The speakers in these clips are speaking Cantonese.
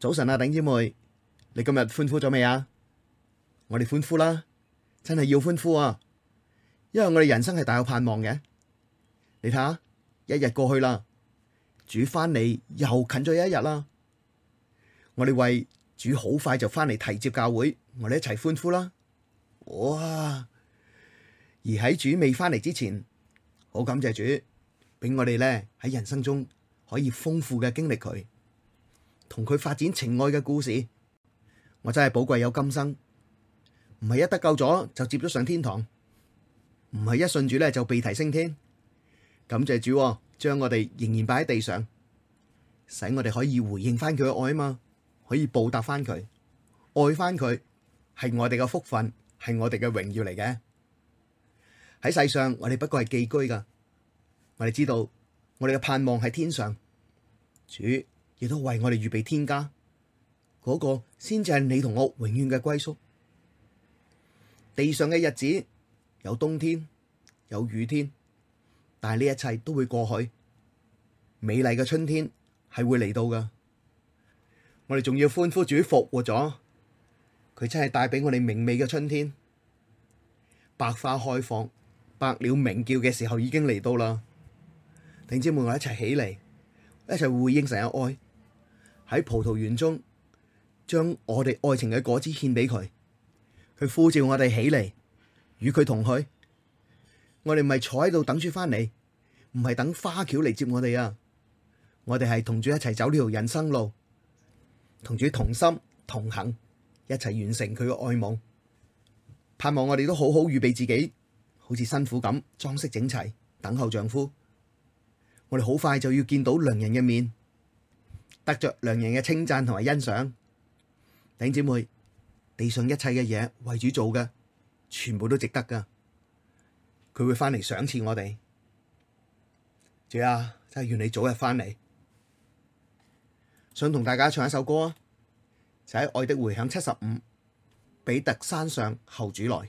早晨啊，頂姊妹，你今日歡呼咗未啊？我哋歡呼啦，真係要歡呼啊！因為我哋人生係大有盼望嘅。你睇下，一日過去啦，主翻嚟，又近咗一日啦。我哋為主好快就翻嚟提接教會，我哋一齊歡呼啦！哇！而喺主未翻嚟之前，好感謝主俾我哋咧喺人生中可以豐富嘅經歷佢。同佢發展情愛嘅故事，我真係寶貴有今生，唔係一得救咗就接咗上天堂，唔係一信主咧就被提升天。感謝主啊，將我哋仍然擺喺地上，使我哋可以回應翻佢嘅愛啊嘛，可以報答翻佢，愛翻佢係我哋嘅福分，係我哋嘅榮耀嚟嘅。喺世上，我哋不過係寄居噶，我哋知道我哋嘅盼望喺天上，主。亦都為我哋預備天家，嗰個先至係你同我永遠嘅歸宿。地上嘅日子有冬天，有雨天，但係呢一切都會過去。美麗嘅春天係會嚟到噶。我哋仲要歡呼主復活咗，佢真係帶俾我哋明媚嘅春天，百花開放，百鳥鳴叫嘅時候已經嚟到啦。弟兄姊妹，我一齊起嚟，一齊回應神嘅愛。喺葡萄園中，將我哋愛情嘅果子獻俾佢，佢呼召我哋起嚟，與佢同去。我哋唔係坐喺度等住翻嚟，唔係等花轎嚟接我哋啊！我哋係同主一齊走呢條人生路，同主同心同行，一齊完成佢嘅愛夢。盼望我哋都好好預備自己，好似辛苦咁裝飾整齊，等候丈夫。我哋好快就要見到良人嘅面。得着良人嘅稱讚同埋欣賞，弟兄姊妹，地上一切嘅嘢為主做嘅，全部都值得噶，佢會返嚟賞賜我哋。主啊，真係願你早日返嚟，想同大家唱一首歌啊，就喺愛的回響七十五，比特山上候主來。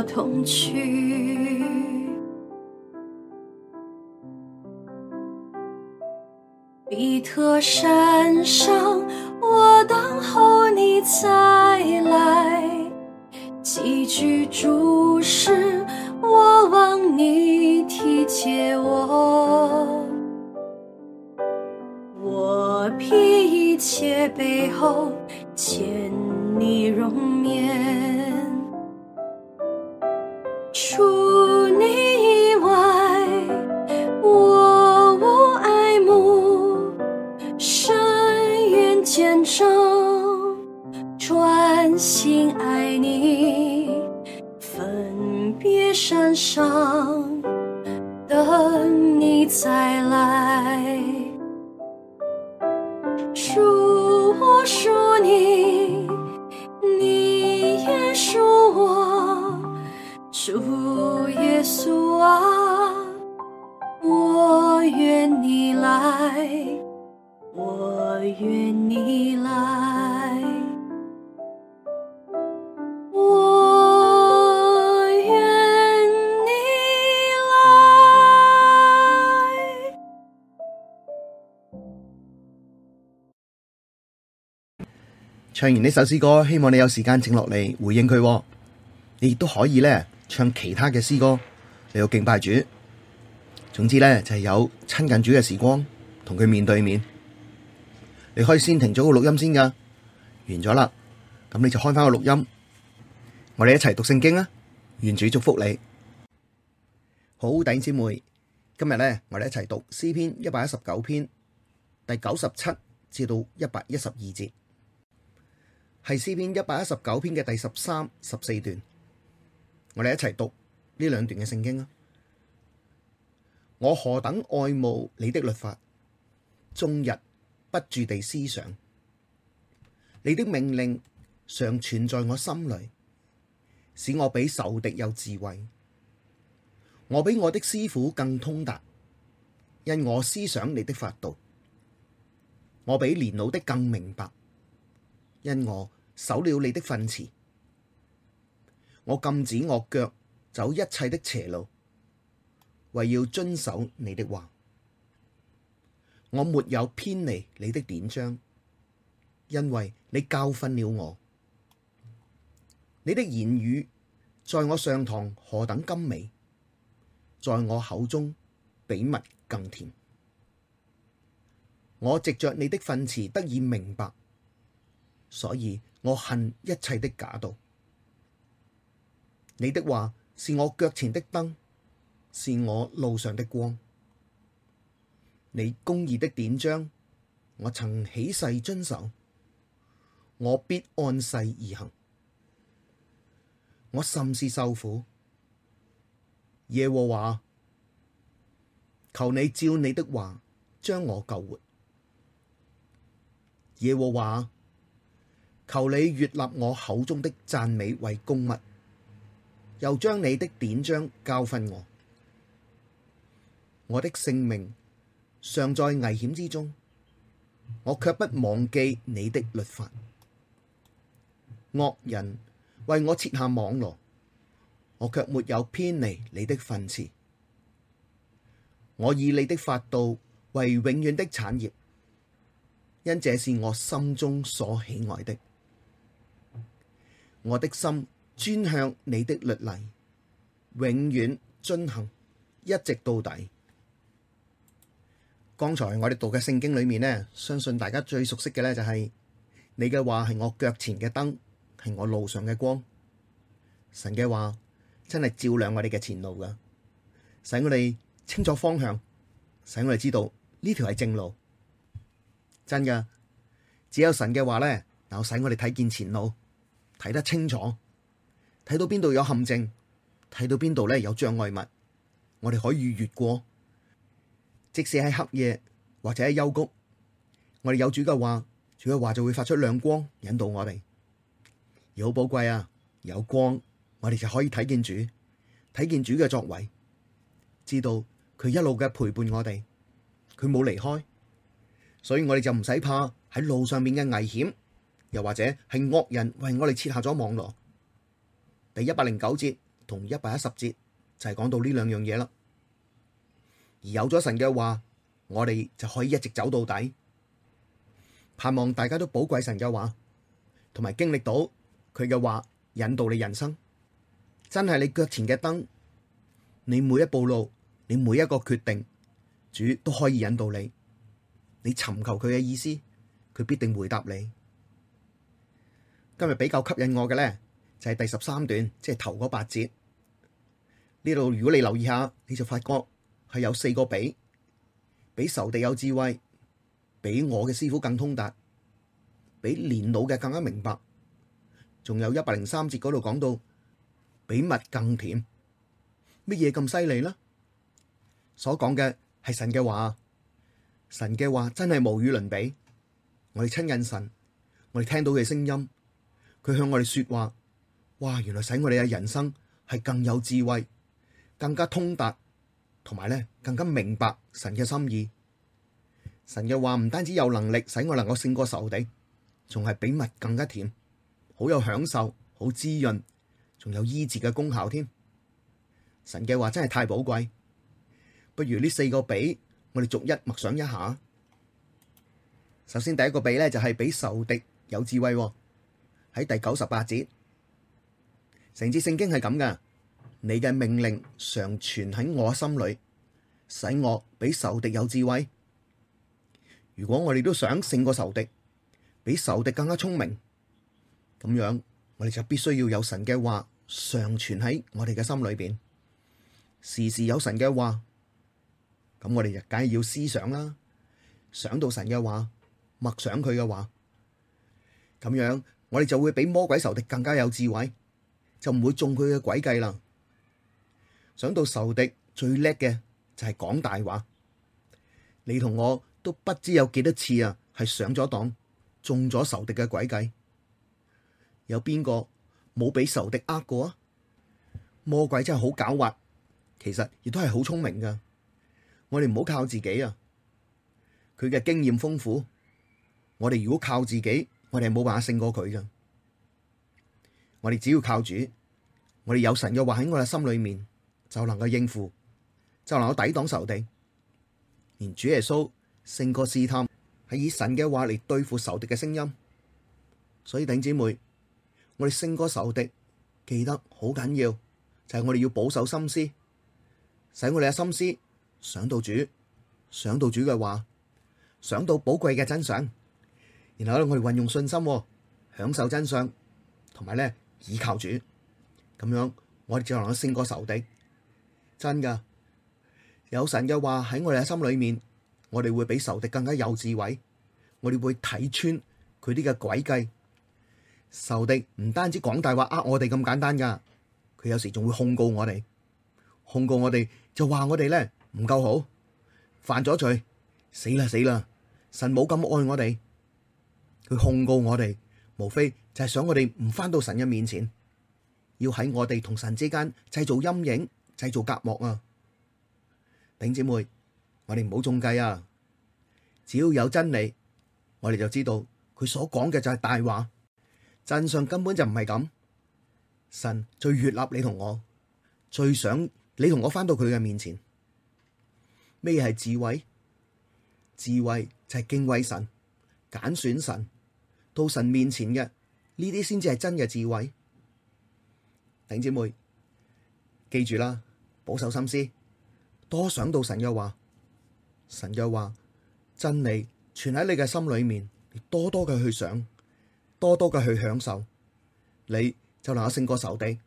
我同去，比特山上我等候你再來。寄居濁世，我望你提接我，我撇一切備候。真心愛你，分別山上等你再來。唱完呢首詩歌，希望你有時間靜落嚟，回應佢。你亦都可以咧唱其他嘅詩歌嚟到敬拜主。總之咧就係、是、有親近主嘅時光，同佢面對面。你可以先停咗個錄音先噶，完咗啦，咁你就開翻個錄音。我哋一齊讀聖經啊！願主祝福你。好，弟兄姊妹，今日咧我哋一齊讀詩篇一百一十九篇第九十七至到一百一十二節。係詩篇一百一十九篇嘅第十三、十四段，我哋一齊讀呢兩段嘅聖經啦。我何等愛慕你的律法，終日不住地思想。你的命令常存在我心裡，使我比仇敵有智慧。我比我的師傅更通達，因我思想你的法度。我比年老的更明白。因我守了你的訓詞，我禁止我腳走一切的邪路，為要遵守你的話。我沒有偏離你的典章，因為你教訓了我。你的言語在我上膛何等甘美，在我口中比蜜更甜。我藉着你的訓詞得以明白。所以我恨一切的假道。你的話是我腳前的燈，是我路上的光。你公義的典章，我曾起誓遵守，我必按誓而行。我甚是受苦，耶和華，求你照你的話將我救活，耶和華。求你悅納我口中的讚美為供物，又將你的典章教訓我。我的性命尚在危險之中，我卻不忘記你的律法。惡人為我設下網羅，我卻沒有偏離你的訓詞。我以你的法度為永遠的產業，因這是我心中所喜愛的。我的心專向你的律例，永遠遵行，一直到底。剛才我哋讀嘅聖經裏面呢，相信大家最熟悉嘅呢、就是，就係你嘅話係我腳前嘅燈，係我路上嘅光。神嘅話真係照亮我哋嘅前路噶，使我哋清楚方向，使我哋知道呢條係正路。真噶，只有神嘅話咧，嗱，使我哋睇見前路。睇得清楚，睇到邊度有陷阱，睇到邊度咧有障礙物，我哋可以越過。即使喺黑夜或者喺幽谷，我哋有主嘅話，主嘅話就會發出亮光引導我哋，而好寶貴啊！有光，我哋就可以睇見主，睇見主嘅作為，知道佢一路嘅陪伴我哋，佢冇離開，所以我哋就唔使怕喺路上面嘅危險。又或者係惡人為我哋設下咗網羅，第一百零九節同一百一十節就係講到呢兩樣嘢啦。而有咗神嘅話，我哋就可以一直走到底。盼望大家都寶貴神嘅話，同埋經歷到佢嘅話引導你人生，真係你腳前嘅燈，你每一步路，你每一個決定，主都可以引導你。你尋求佢嘅意思，佢必定回答你。今日比較吸引我嘅咧，就係、是、第十三段，即係頭嗰八節。呢度如果你留意下，你就發覺係有四個比，比仇敵有智慧，比我嘅師傅更通達，比年老嘅更加明白。仲有一百零三節嗰度講到，比蜜更甜，乜嘢咁犀利咧？所講嘅係神嘅話，神嘅話真係無與倫比。我哋親近神，我哋聽到佢聲音。佢向我哋說話，哇！原來使我哋嘅人生係更有智慧，更加通達，同埋咧更加明白神嘅心意。神嘅話唔單止有能力使我能夠勝過仇敵，仲係比蜜更加甜，好有享受，好滋潤，仲有醫治嘅功效添。神嘅話真係太寶貴，不如呢四個比，我哋逐一默想一下。首先第一個比咧，就係、是、比仇敵有智慧，哦。喺第九十八節，成節聖經係咁嘅，你嘅命令常存喺我心裏，使我比仇敵有智慧。如果我哋都想勝過仇敵，比仇敵更加聰明，咁樣我哋就必須要有神嘅話常存喺我哋嘅心裏邊，時時有神嘅話，咁我哋就梗係要思想啦，想到神嘅話，默想佢嘅話，咁樣。我哋就會比魔鬼仇敵更加有智慧，就唔會中佢嘅詭計啦。想到仇敵最叻嘅就係講大話，你同我都不知有幾多次啊，係上咗當，中咗仇敵嘅詭計。有邊個冇俾仇敵呃過啊？魔鬼真係好狡猾，其實亦都係好聰明噶。我哋唔好靠自己啊！佢嘅經驗豐富，我哋如果靠自己。我哋係冇辦法勝過佢嘅，我哋只要靠主，我哋有神嘅話喺我哋心裏面就能夠應付，就能夠抵擋仇敵。連主耶穌勝過試探，係以神嘅話嚟對付仇敵嘅聲音。所以弟兄姊妹，我哋勝過仇敵，記得好緊要，就係我哋要保守心思，使我哋嘅心思想到主，想到主嘅話，想到寶貴嘅真相。然後咧，我哋運用信心，享受真相，同埋咧倚靠主咁樣，我哋就能夠勝過仇敵。真噶，有神嘅話喺我哋嘅心裏面，我哋會比仇敵更加有智慧。我哋會睇穿佢啲嘅詭計。仇敵唔單止講大話呃我哋咁簡單噶，佢有時仲會控告我哋，控告我哋就話我哋咧唔夠好，犯咗罪，死啦死啦！神冇咁愛我哋。佢控告我哋，無非就係想我哋唔翻到神嘅面前，要喺我哋同神之間製造陰影，製造隔膜啊！頂姐妹，我哋唔好中計啊！只要有真理，我哋就知道佢所講嘅就係大話。真相根本就唔係咁。神最悅納你同我，最想你同我翻到佢嘅面前。咩係智慧？智慧就係敬畏神、揀選神。到神面前嘅呢啲先至係真嘅智慧，弟兄姊妹記住啦，保守心思，多想到神嘅話，神又話真理存喺你嘅心裏面，你多多嘅去想，多多嘅去享受，你就能夠勝過仇敵。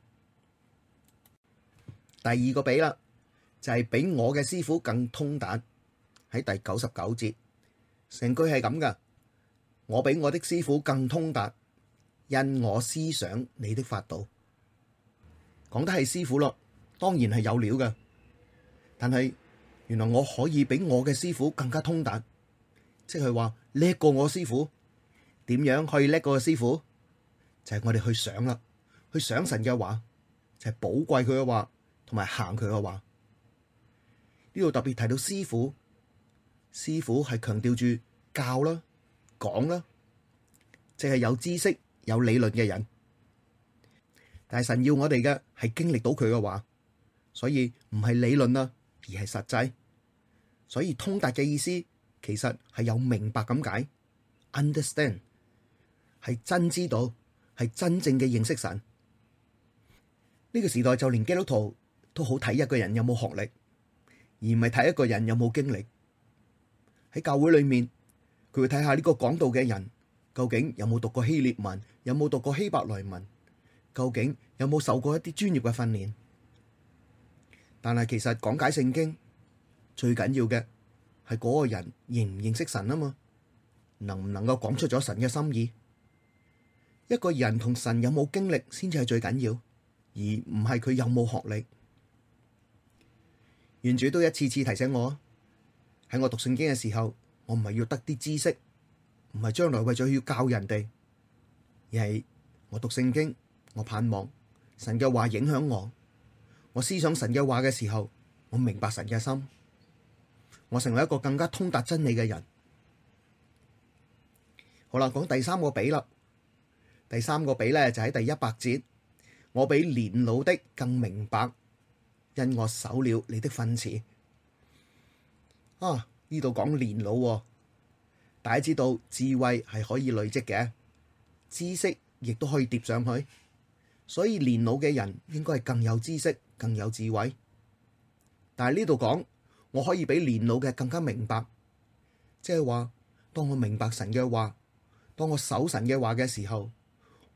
第二個比啦，就係、是，比我嘅師傅更通達，喺第九十九節，成句係咁噶。我比我的師傅更通達，因我思想你的法度。講得係師傅咯，當然係有料嘅。但係原來我可以比我嘅師傅更加通達，即係話叻過我師傅。點樣可以叻過師傅？就係我哋去想啦，去想神嘅話，就係寶貴佢嘅話，同埋行佢嘅話。呢度特別提到師傅，師傅係強調住教啦。講啦，淨係有知識、有理論嘅人，但係神要我哋嘅係經歷到佢嘅話，所以唔係理論啦，而係實際。所以通達嘅意思，其實係有明白咁解，Understand 係真知道，係真正嘅認識神。呢個時代就連基督徒都好睇一個人有冇學歷，而唔係睇一個人有冇經歷喺教會裏面。佢會睇下呢個講道嘅人究竟有冇讀過希臘文，有冇讀過希伯來文，究竟有冇受過一啲專業嘅訓練？但係其實講解聖經最緊要嘅係嗰個人認唔認識神啊嘛？能唔能夠講出咗神嘅心意？一個人同神有冇經歷先至係最緊要，而唔係佢有冇學歷。願主都一次次提醒我喺我讀聖經嘅時候。我唔係要得啲知識，唔係將來為咗要教人哋，而係我讀聖經，我盼望神嘅話影響我，我思想神嘅話嘅時候，我明白神嘅心，我成為一個更加通達真理嘅人。好啦，講第三個比啦，第三個比咧就喺第一百節，我比年老的更明白，因我守了你的訓詞啊。呢度講年老、哦，大家知道智慧係可以累積嘅，知識亦都可以疊上去，所以年老嘅人應該係更有知識、更有智慧。但係呢度講，我可以比年老嘅更加明白，即係話，當我明白神嘅話，當我守神嘅話嘅時候，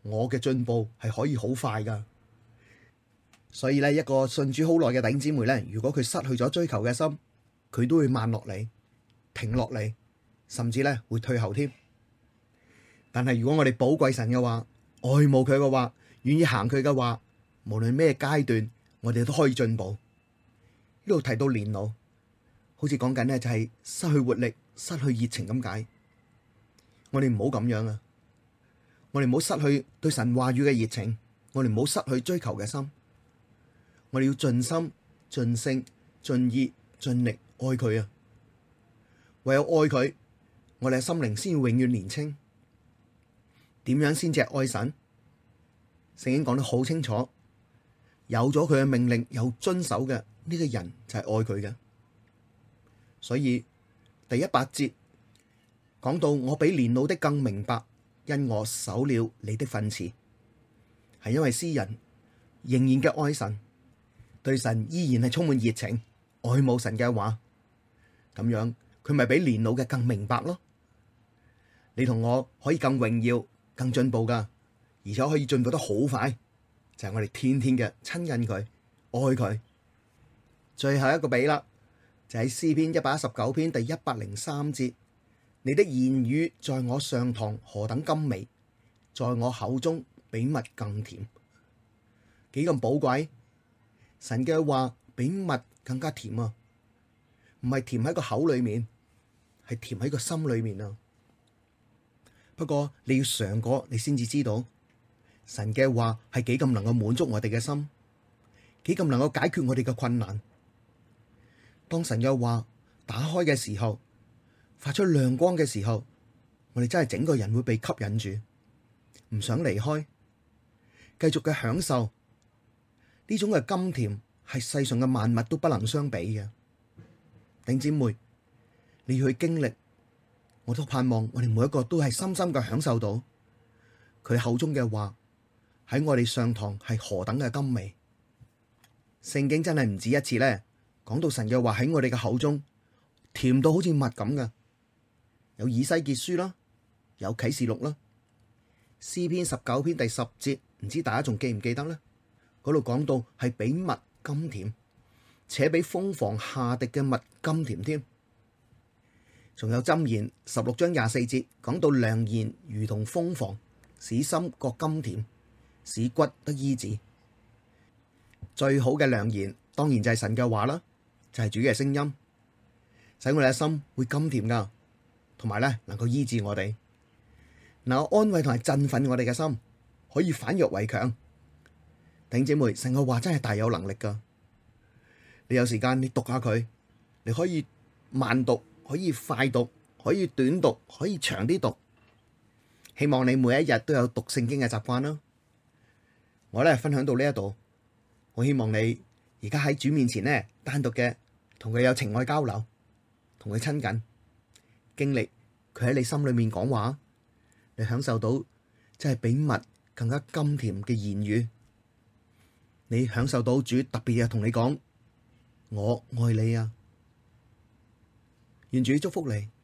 我嘅進步係可以好快噶。所以咧，一個信主好耐嘅弟兄姊妹咧，如果佢失去咗追求嘅心，佢都會慢落嚟，停落嚟，甚至咧會退後添。但係如果我哋寶貴神嘅話，愛慕佢嘅話，願意行佢嘅話，無論咩階段，我哋都可以進步。呢度提到年老，好似講緊咧就係失去活力、失去熱情咁解。我哋唔好咁樣啊！我哋唔好失去對神話語嘅熱情，我哋唔好失去追求嘅心。我哋要盡心、盡性、盡意、盡力愛佢啊！唯有愛佢，我哋嘅心靈先要永遠年輕。點樣先至愛神？聖經講得好清楚，有咗佢嘅命令，有遵守嘅呢、這個人就係愛佢嘅。所以第一百節講到，我比年老的更明白，因我守了你的訓詞，係因為詩人仍然嘅愛神，對神依然係充滿熱情，愛慕神嘅話咁樣。佢咪比年老嘅更明白咯？你同我可以更榮耀、更進步噶，而且可以進步得好快，就係、是、我哋天天嘅親近佢、愛佢。最後一個比啦，就喺詩篇一百一十九篇第一百零三節：你的言語在我上膛何等甘美，在我口中比蜜更甜。幾咁寶貴，神嘅話比蜜更加甜啊！唔係甜喺個口裏面。係甜喺個心裏面啊！不過你要嘗過，你先至知道神嘅話係幾咁能夠滿足我哋嘅心，幾咁能夠解決我哋嘅困難。當神又話打開嘅時候，發出亮光嘅時候，我哋真係整個人會被吸引住，唔想離開，繼續嘅享受，呢種嘅甘甜，係世上嘅萬物都不能相比嘅。頂姊妹。你要去經歷，我都盼望我哋每一個都係深深嘅享受到佢口中嘅話喺我哋上膛係何等嘅甘美。聖經真係唔止一次呢，講到神嘅話喺我哋嘅口中甜到好似蜜咁噶。有以西結書啦，有啟示錄啦，詩篇十九篇第十節，唔知大家仲記唔記得呢？嗰度講到係比蜜甘甜，且比蜂房下滴嘅蜜甘甜添。仲有箴言十六章廿四節，講到良言如同蜂房，使心覺甘甜，使骨得醫治。最好嘅良言當然就係神嘅話啦，就係、是、主嘅聲音，使我哋嘅心會甘甜噶，同埋咧能夠醫治我哋。能，安慰同埋振奮我哋嘅心，可以反弱為強。弟兄姐妹，神嘅話真係大有能力噶。你有時間你讀下佢，你可以慢讀，可以快讀，可以短讀，可以長啲讀。希望你每一日都有讀聖經嘅習慣啦。我咧分享到呢一度，我希望你而家喺主面前咧，單獨嘅同佢有情愛交流，同佢親近，經歷佢喺你心裏面講話，你享受到即係比蜜更加甘甜嘅言語，你享受到主特別嘅同你講，我愛你啊！願主祝福你。